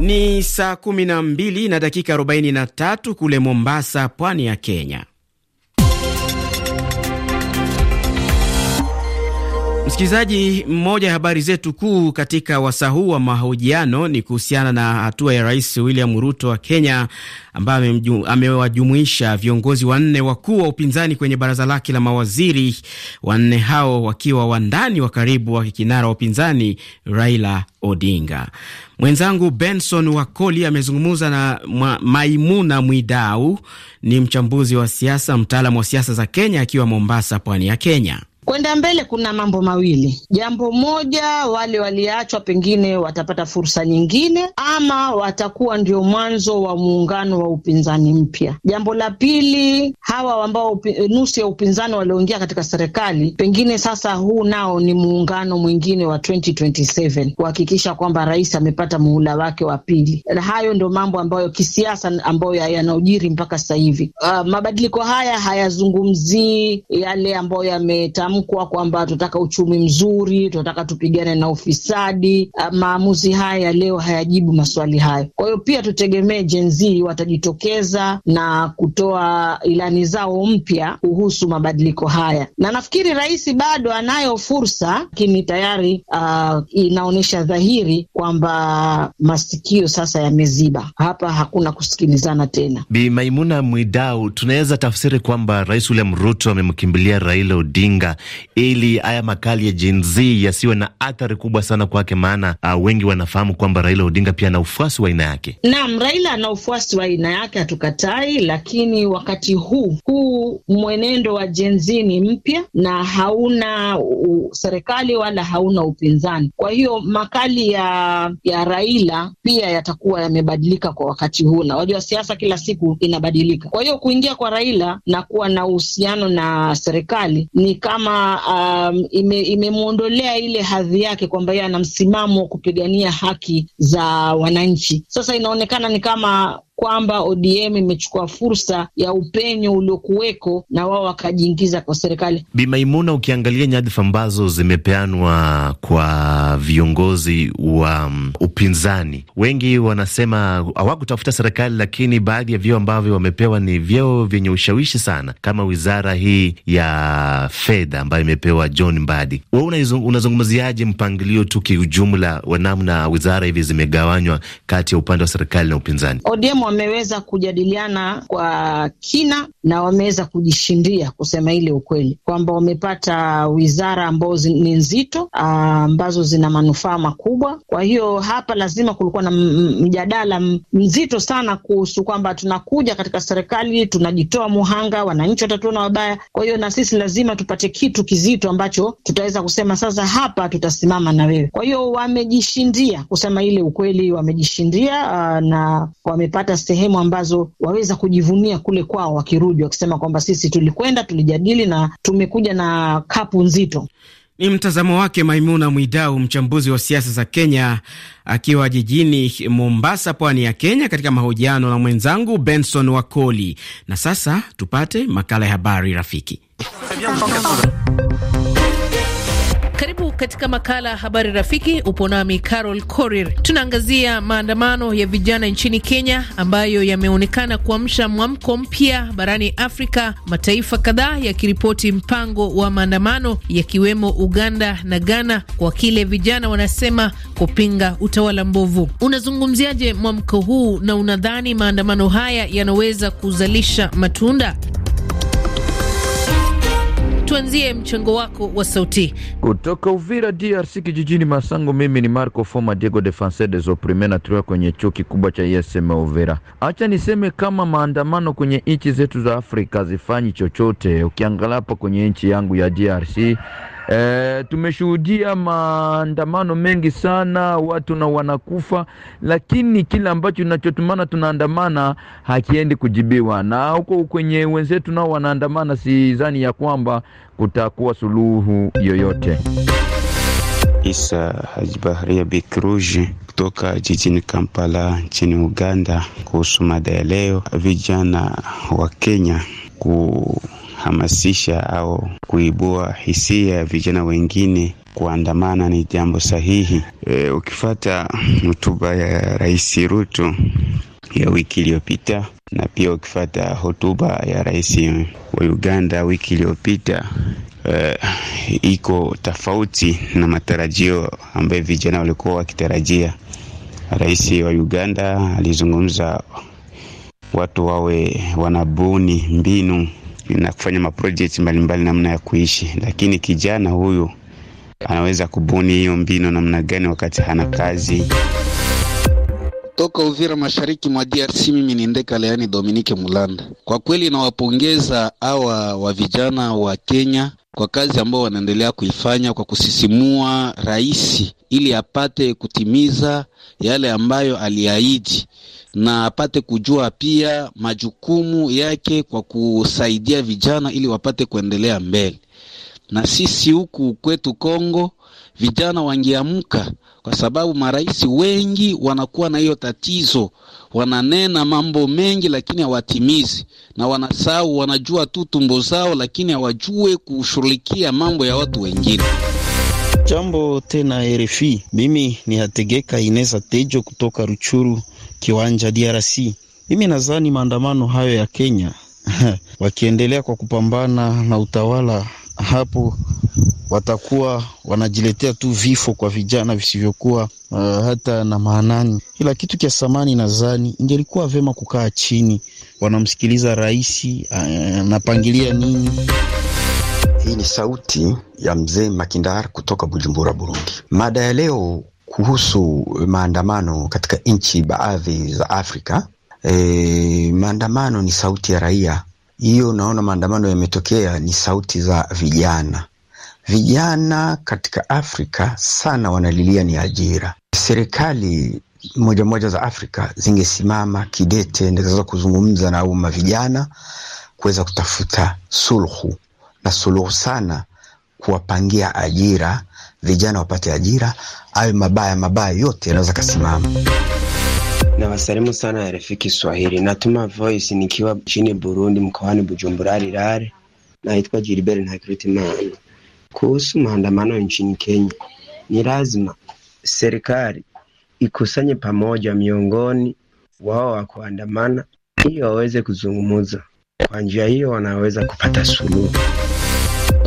Ni saa kumi na dakika 43 kule Mombasa, pwani ya Kenya. Msikilizaji mmoja, ya habari zetu kuu katika wasaa huu wa mahojiano ni kuhusiana na hatua ya Rais William Ruto wa Kenya ambaye amewajumuisha viongozi wanne wakuu wa upinzani kwenye baraza lake la mawaziri, wanne hao wakiwa wandani wa karibu wa kinara wa upinzani Raila Odinga. Mwenzangu Benson Wakoli amezungumza na Maimuna Mwidau, ni mchambuzi wa siasa, mtaalamu wa siasa za Kenya, akiwa Mombasa, pwani ya Kenya. Kwenda mbele kuna mambo mawili. Jambo moja, wale waliachwa pengine watapata fursa nyingine, ama watakuwa ndio mwanzo wa muungano wa upinzani mpya. Jambo la pili, hawa ambao nusu ya upinzani walioingia katika serikali, pengine sasa huu nao ni muungano mwingine wa 2027 kuhakikisha kwamba rais amepata muhula wake wa pili. Na hayo ndio mambo ambayo kisiasa ambayo yanaojiri mpaka sasa hivi. Uh, mabadiliko haya hayazungumzii yale ambayo yametamka kutamkwa kwamba tunataka uchumi mzuri, tunataka tupigane na ufisadi. Ah, maamuzi haya ya leo hayajibu maswali hayo. Kwa hiyo pia tutegemee Gen Z watajitokeza na kutoa ilani zao mpya kuhusu mabadiliko haya, na nafikiri rais bado anayo fursa, lakini tayari uh, inaonyesha dhahiri kwamba masikio sasa yameziba. Hapa hakuna kusikilizana tena. Bi Maimuna Mwidau, tunaweza tafsiri kwamba Rais William Ruto amemkimbilia Raila Odinga ili haya makali ya Gen Z yasiwe na athari kubwa sana kwake, maana uh, wengi wanafahamu kwamba Raila Odinga pia ana ufuasi wa aina yake. Naam, Raila ana ufuasi wa aina yake, hatukatai, lakini wakati huu huu mwenendo wa Gen Z ni mpya na hauna serikali wala hauna upinzani. Kwa hiyo makali ya, ya Raila pia yatakuwa yamebadilika kwa wakati huu, na wajua siasa kila siku inabadilika. Kwa hiyo kuingia kwa Raila na kuwa na uhusiano na serikali ni kama kama um, imemwondolea ime ile hadhi yake kwamba yeye ana msimamo wa kupigania haki za wananchi. Sasa inaonekana ni kama kwamba ODM imechukua fursa ya upenyo uliokuweko na wao wakajiingiza kwa serikali. Bimaimuna, ukiangalia nyadhifa ambazo zimepeanwa kwa viongozi wa mm, upinzani, wengi wanasema hawakutafuta serikali, lakini baadhi ya vyeo ambavyo wamepewa ni vyeo vyenye ushawishi sana, kama wizara hii ya fedha ambayo imepewa John Mbadi. Wewe unazungumziaje mpangilio tu kiujumla wa namna wizara hivi zimegawanywa kati ya upande wa serikali na upinzani? ODM wameweza kujadiliana kwa kina na wameweza kujishindia kusema ile ukweli kwamba wamepata wizara ambazo ni nzito ah, ambazo zina manufaa makubwa. Kwa hiyo hapa lazima kulikuwa na mjadala mzito sana kuhusu kwamba tunakuja katika serikali, tunajitoa muhanga, wananchi watatuona wabaya. Kwa hiyo na sisi lazima tupate kitu kizito ambacho tutaweza kusema sasa, hapa tutasimama na wewe. Kwa hiyo wamejishindia kusema ile ukweli, wamejishindia ah, na wamepata sehemu ambazo waweza kujivunia kule kwao wakirudi, wakisema kwamba sisi tulikwenda, tulijadili na tumekuja na kapu nzito. Ni mtazamo wake Maimuna Mwidau, mchambuzi wa siasa za Kenya, akiwa jijini Mombasa, pwani ya Kenya, katika mahojiano na mwenzangu Benson Wakoli. Na sasa tupate makala ya habari rafiki katika makala ya habari rafiki upo nami Carol Korir. Tunaangazia maandamano ya vijana nchini Kenya ambayo yameonekana kuamsha mwamko mpya barani Afrika, mataifa kadhaa yakiripoti mpango wa maandamano yakiwemo Uganda na Ghana kwa kile vijana wanasema kupinga utawala mbovu. Unazungumziaje mwamko huu na unadhani maandamano haya yanaweza kuzalisha matunda? tuanzie mchango wako wa sauti kutoka Uvira, DRC, kijijini Masango. Mimi ni Marco Foma Diego de Fancedes Oprime, natoka kwenye chuo kikubwa cha ISM Uvira. Acha niseme kama maandamano kwenye nchi zetu za Afrika zifanyi chochote, ukiangalia hapa kwenye nchi yangu ya DRC E, tumeshuhudia maandamano mengi sana, watu na wanakufa, lakini kile ambacho tunachotumana tunaandamana hakiendi kujibiwa, na huko kwenye wenzetu nao wanaandamana, sidhani ya kwamba kutakuwa suluhu yoyote. Isa Haji Bikruji kutoka jijini Kampala nchini Uganda, kuhusu mada ya leo, vijana wa Kenya ku kuhamasisha au kuibua hisia ya vijana wengine kuandamana ni jambo sahihi. E, ukifata hotuba ya Rais Ruto ya wiki iliyopita na pia ukifata hotuba ya rais wa Uganda wiki iliyopita e, iko tofauti na matarajio ambayo vijana walikuwa wakitarajia. Rais wa Uganda alizungumza watu wawe wanabuni mbinu na kufanya maproject mbalimbali namna ya kuishi, lakini kijana huyu anaweza kubuni hiyo mbinu namna gani wakati hana kazi? Toka Uvira, mashariki mwa DRC. Mimi ni Ndeka Leani Dominike Mulanda. Kwa kweli nawapongeza hawa wa vijana wa Kenya kwa kazi ambao wanaendelea kuifanya kwa kusisimua rais ili apate kutimiza yale ambayo aliahidi na apate kujua pia majukumu yake kwa kusaidia vijana ili wapate kuendelea mbele. Na sisi huku kwetu Kongo vijana wangeamka, kwa sababu marais wengi wanakuwa na hiyo tatizo, wananena mambo mengi lakini hawatimizi, na wanasahau, wanajua tu tumbo zao, lakini hawajue kushughulikia mambo ya watu wengine. Jambo tena RFI, mimi ni Hategeka Ineza Tejo kutoka Ruchuru kiwanja DRC. Mimi nadhani maandamano hayo ya Kenya wakiendelea kwa kupambana na utawala hapo watakuwa wanajiletea tu vifo kwa vijana visivyokuwa uh, hata na maanani. Ila kitu cha samani nadhani ingelikuwa vema kukaa chini, wanamsikiliza rais uh, anapangilia uh, nini. Hii ni sauti ya mzee Makindar kutoka Bujumbura, Burundi. Mada ya leo kuhusu maandamano katika nchi baadhi za Afrika. E, maandamano ni sauti ya raia. Hiyo naona maandamano yametokea ni sauti za vijana. Vijana katika Afrika sana wanalilia ni ajira. Serikali moja moja za Afrika zingesimama kidete ndikaweza kuzungumza na umma vijana kuweza kutafuta suluhu na suluhu sana kuwapangia ajira vijana wapate ajira, ayo mabaya mabaya yote yanaweza kasimama. Nawasalimu sana RFI Kiswahili, natuma voice nikiwa nchini Burundi, mkoani Bujumbura Rirare. Naitwa Gilbert Ntakiritimana. Kuhusu maandamano nchini Kenya, ni lazima serikali ikusanye pamoja miongoni wao wa kuandamana, ili waweze kuzungumza. Kwa njia hiyo, wanaweza kupata suluhu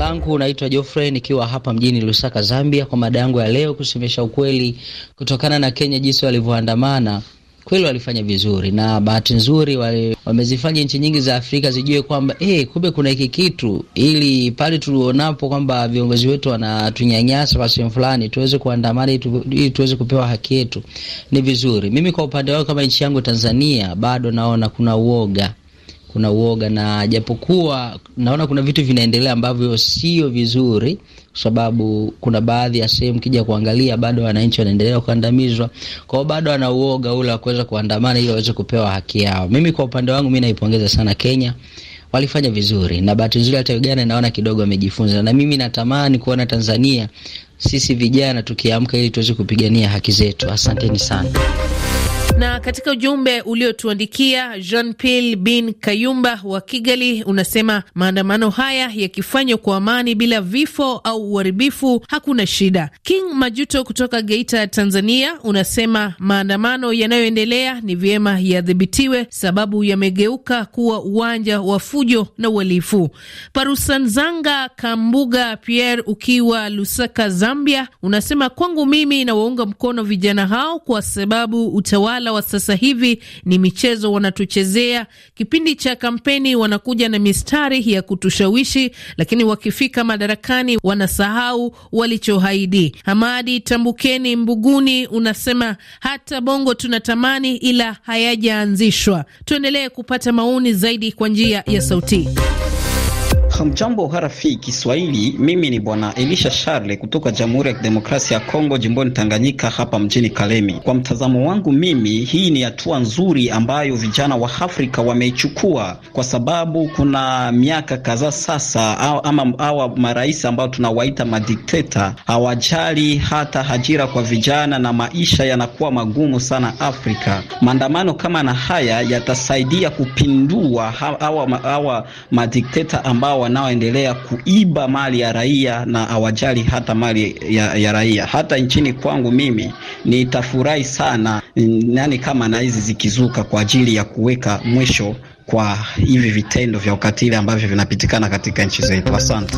langu naitwa Geoffrey nikiwa hapa mjini Lusaka, Zambia, kwa mada yangu ya leo kusemesha ukweli. Kutokana na Kenya jinsi walivyoandamana, kweli walifanya vizuri, na bahati nzuri wamezifanya nchi nyingi za Afrika zijue kwamba hey, eh, kumbe kuna hiki kitu, ili pale tulionapo kwamba viongozi wetu wanatunyanyasa kwa sehemu fulani, tuweze kuandamana ili tuweze kupewa haki yetu. Ni vizuri. Mimi kwa upande wangu, kama nchi yangu Tanzania, bado naona kuna uoga kuna uoga, na japokuwa naona kuna vitu vinaendelea ambavyo sio vizuri, kwa sababu kuna baadhi ya sehemu kija kuangalia bado wananchi wanaendelea kukandamizwa kwao, bado ana uoga ule wa kuweza kuandamana ili waweze kupewa haki yao. Mimi kwa upande wangu, mi naipongeza sana Kenya walifanya vizuri na bahati nzuri hata Uganda naona kidogo wamejifunza, na mimi natamani kuona Tanzania sisi vijana tukiamka, ili tuweze kupigania haki zetu. Asanteni sana. Na katika ujumbe uliotuandikia Jean Pil bin Kayumba wa Kigali unasema maandamano haya yakifanywa kwa amani bila vifo au uharibifu hakuna shida. King Majuto kutoka Geita, Tanzania unasema maandamano yanayoendelea ni vyema yadhibitiwe, sababu yamegeuka kuwa uwanja wa fujo na uhalifu. Parusanzanga Kambuga Pierre ukiwa Lusaka, Zambia unasema kwangu mimi nawaunga mkono vijana hao kwa sababu utawala mjadala wa sasa hivi ni michezo wanatuchezea. Kipindi cha kampeni wanakuja na mistari ya kutushawishi, lakini wakifika madarakani wanasahau walichohaidi. Hamadi Tambukeni Mbuguni unasema hata Bongo tunatamani ila hayajaanzishwa. Tuendelee kupata maoni zaidi kwa njia ya sauti. Hamjambo, harafi Kiswahili. Mimi ni bwana Elisha Charle kutoka Jamhuri ya Kidemokrasia ya Kongo, jimboni Tanganyika, hapa mjini Kalemi. Kwa mtazamo wangu mimi, hii ni hatua nzuri ambayo vijana wa Afrika wameichukua, kwa sababu kuna miaka kadhaa sasa ama hawa marais ambao tunawaita madikteta hawajali hata ajira kwa vijana na maisha yanakuwa magumu sana Afrika. Maandamano kama na haya yatasaidia kupindua hawa, hawa madikteta ambao wanaoendelea kuiba mali ya raia na hawajali hata mali ya, ya raia. Hata nchini kwangu mimi nitafurahi sana nani kama na hizi zikizuka kwa ajili ya kuweka mwisho kwa hivi vitendo vya ukatili ambavyo vinapitikana katika nchi zetu. Asante.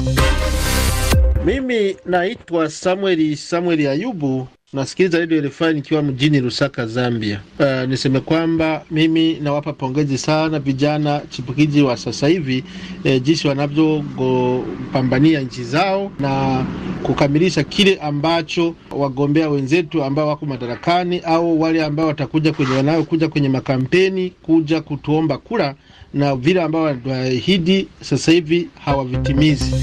Mimi naitwa Samueli Samueli Ayubu Nasikiliza redio RFI nikiwa mjini Lusaka, Zambia. Uh, niseme kwamba mimi nawapa pongezi sana vijana chipukizi wa sasa hivi eh, jinsi wanavyopambania nchi zao na kukamilisha kile ambacho wagombea wenzetu ambao wako madarakani au wale ambao watakuja kwenye wanaokuja kwenye makampeni kuja kutuomba kura na vile ambao waliahidi sasa hivi hawavitimizi.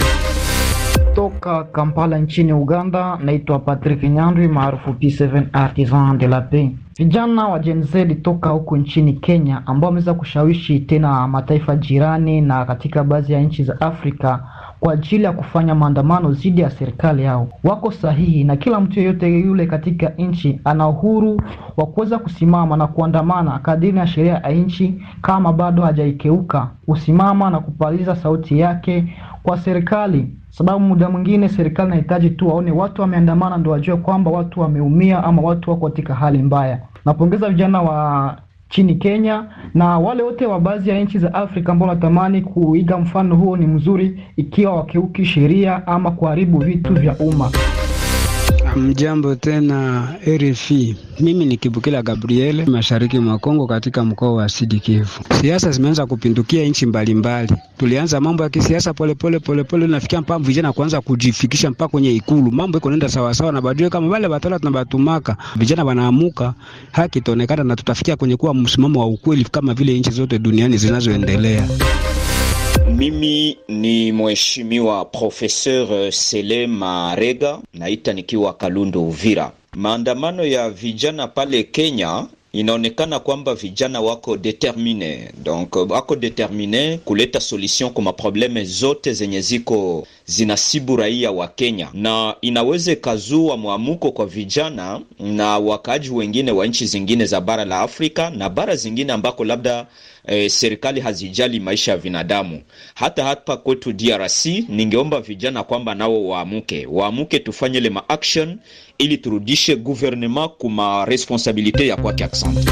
Toka Kampala nchini Uganda, naitwa Patrick Nyandwi maarufu P7 Artisan de la Paix. Vijana wa Gen Z toka huko nchini Kenya ambao wameweza kushawishi tena mataifa jirani na katika baadhi ya nchi za Afrika kwa ajili ya kufanya maandamano dhidi ya serikali yao wako sahihi, na kila mtu yeyote yule katika nchi ana uhuru wa kuweza kusimama na kuandamana kadiri ya sheria ya nchi, kama bado hajaikeuka, kusimama na kupaliza sauti yake kwa serikali, sababu muda mwingine serikali inahitaji tu waone watu wameandamana ndio wajue kwamba watu wameumia ama watu wako katika hali mbaya. Napongeza vijana wa chini Kenya na wale wote wa baadhi ya nchi za Afrika ambao wanatamani kuiga mfano huo, ni mzuri ikiwa wakiuki sheria ama kuharibu vitu vya umma. Mjambo tena RFI, mimi ni Kibukila Gabriele, mashariki mwa Kongo, katika mkoa wa Sidikivu. Siasa zimeanza kupindukia nchi mbalimbali. Tulianza mambo ya kisiasa polepole polepole, nafikia mpaka vijana kuanza kujifikisha mpaka kwenye ikulu. Mambo iko nenda sawasawa na baadaye, kama wale batala tunabatumaka vijana wanaamuka, haki itaonekana na tutafikia kwenye kuwa msimamo wa ukweli, kama vile nchi zote duniani zinazoendelea. Mimi ni mheshimiwa Profeseur Sele Marega, naita nikiwa Kalundu Uvira. Maandamano ya vijana pale Kenya inaonekana kwamba vijana wako determine, donc euh, wako determine kuleta solution kwa maprobleme zote zenye ziko zinasibu raia wa Kenya, na inaweza ikazua mwamuko kwa vijana na wakaaji wengine wa nchi zingine za bara la Afrika na bara zingine ambako labda E, serikali hazijali maisha ya binadamu. Hata hapa kwetu DRC, ningeomba vijana kwamba nao waamuke, waamuke tufanye ile maaction ili turudishe guvernema kuma responsabilite ya kwake aksante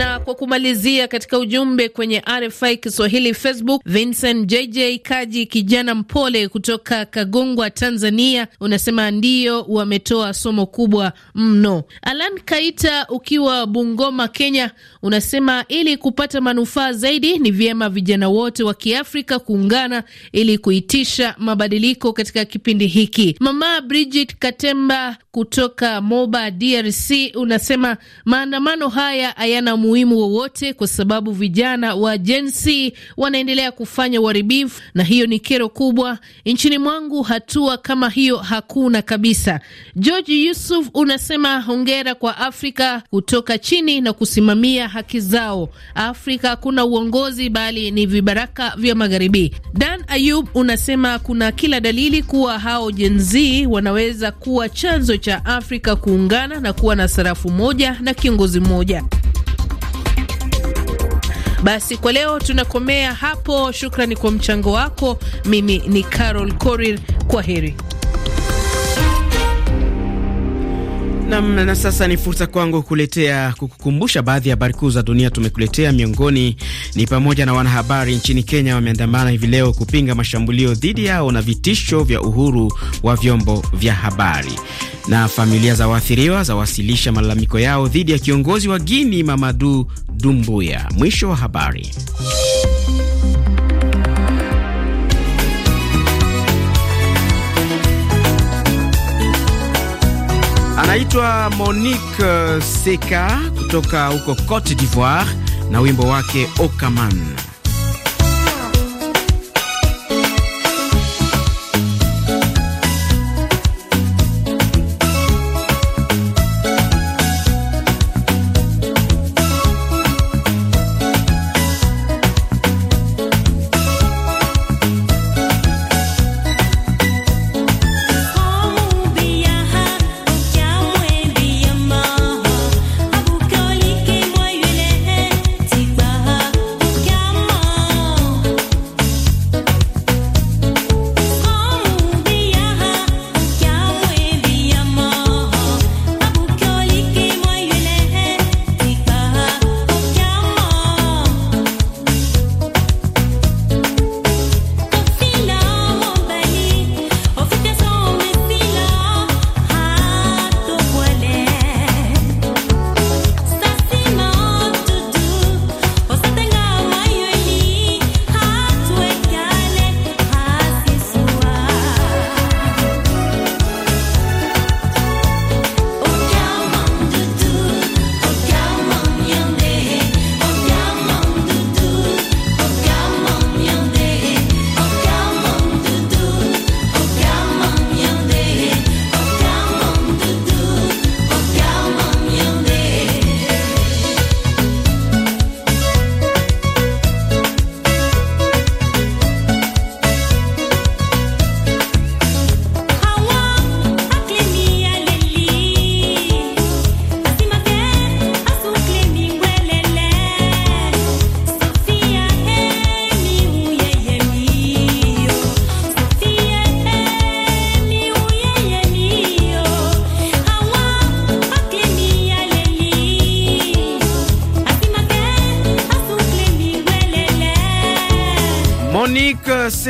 na kwa kumalizia, katika ujumbe kwenye RFI Kiswahili Facebook, Vincent JJ Kaji, kijana mpole kutoka Kagongwa, Tanzania, unasema ndio wametoa somo kubwa mno. Alan Kaita, ukiwa Bungoma, Kenya, unasema ili kupata manufaa zaidi ni vyema vijana wote wa Kiafrika kuungana ili kuitisha mabadiliko katika kipindi hiki. Mama Bridget Katemba kutoka Moba, DRC, unasema maandamano haya hayana umuhimu wowote, kwa sababu vijana wa Gen Z wanaendelea kufanya uharibifu, na hiyo ni kero kubwa nchini mwangu. Hatua kama hiyo hakuna kabisa. George Yusuf unasema hongera kwa Afrika kutoka chini na kusimamia haki zao. Afrika hakuna uongozi, bali ni vibaraka vya magharibi. Dan Ayub unasema kuna kila dalili kuwa hao Gen Z wanaweza kuwa chanzo cha Afrika kuungana na kuwa na sarafu moja na kiongozi mmoja. Basi kwa leo tunakomea hapo. Shukrani kwa mchango wako. Mimi ni Carol Korir, kwa heri. Nam, na sasa ni fursa kwangu kuletea kukukumbusha baadhi ya habari kuu za dunia tumekuletea. Miongoni ni pamoja na wanahabari nchini Kenya wameandamana hivi leo kupinga mashambulio dhidi yao na vitisho vya uhuru wa vyombo vya habari, na familia za waathiriwa zawasilisha malalamiko yao dhidi ya kiongozi wa Guini Mamadu Dumbuya. Mwisho wa habari. anaitwa Monique eh, Seka kutoka huko Cote d'Ivoire na wimbo wake Okaman.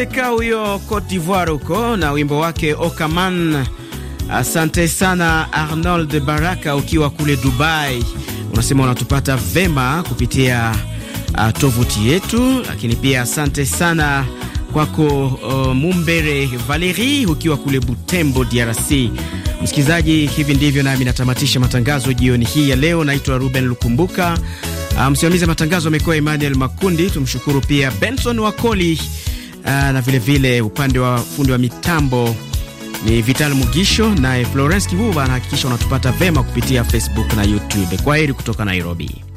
Seka huyo Cote d'Ivoire huko na wimbo wake Okaman. Asante sana Arnold Baraka, ukiwa kule Dubai unasema unatupata vema kupitia uh, tovuti yetu, lakini pia asante sana kwako uh, Mumbere Valerie ukiwa kule Butembo DRC. Msikilizaji, hivi ndivyo nami natamatisha matangazo jioni hii ya leo. Naitwa Ruben Lukumbuka. Uh, msimamizi matangazo amekuwa Emmanuel Makundi. Tumshukuru pia Benson Wakoli Aa, ah, na vilevile vile upande wa fundi wa mitambo ni Vital Mugisho, naye Florence Kivuva anahakikisha unatupata vema kupitia Facebook na YouTube. Kwa heri kutoka Nairobi.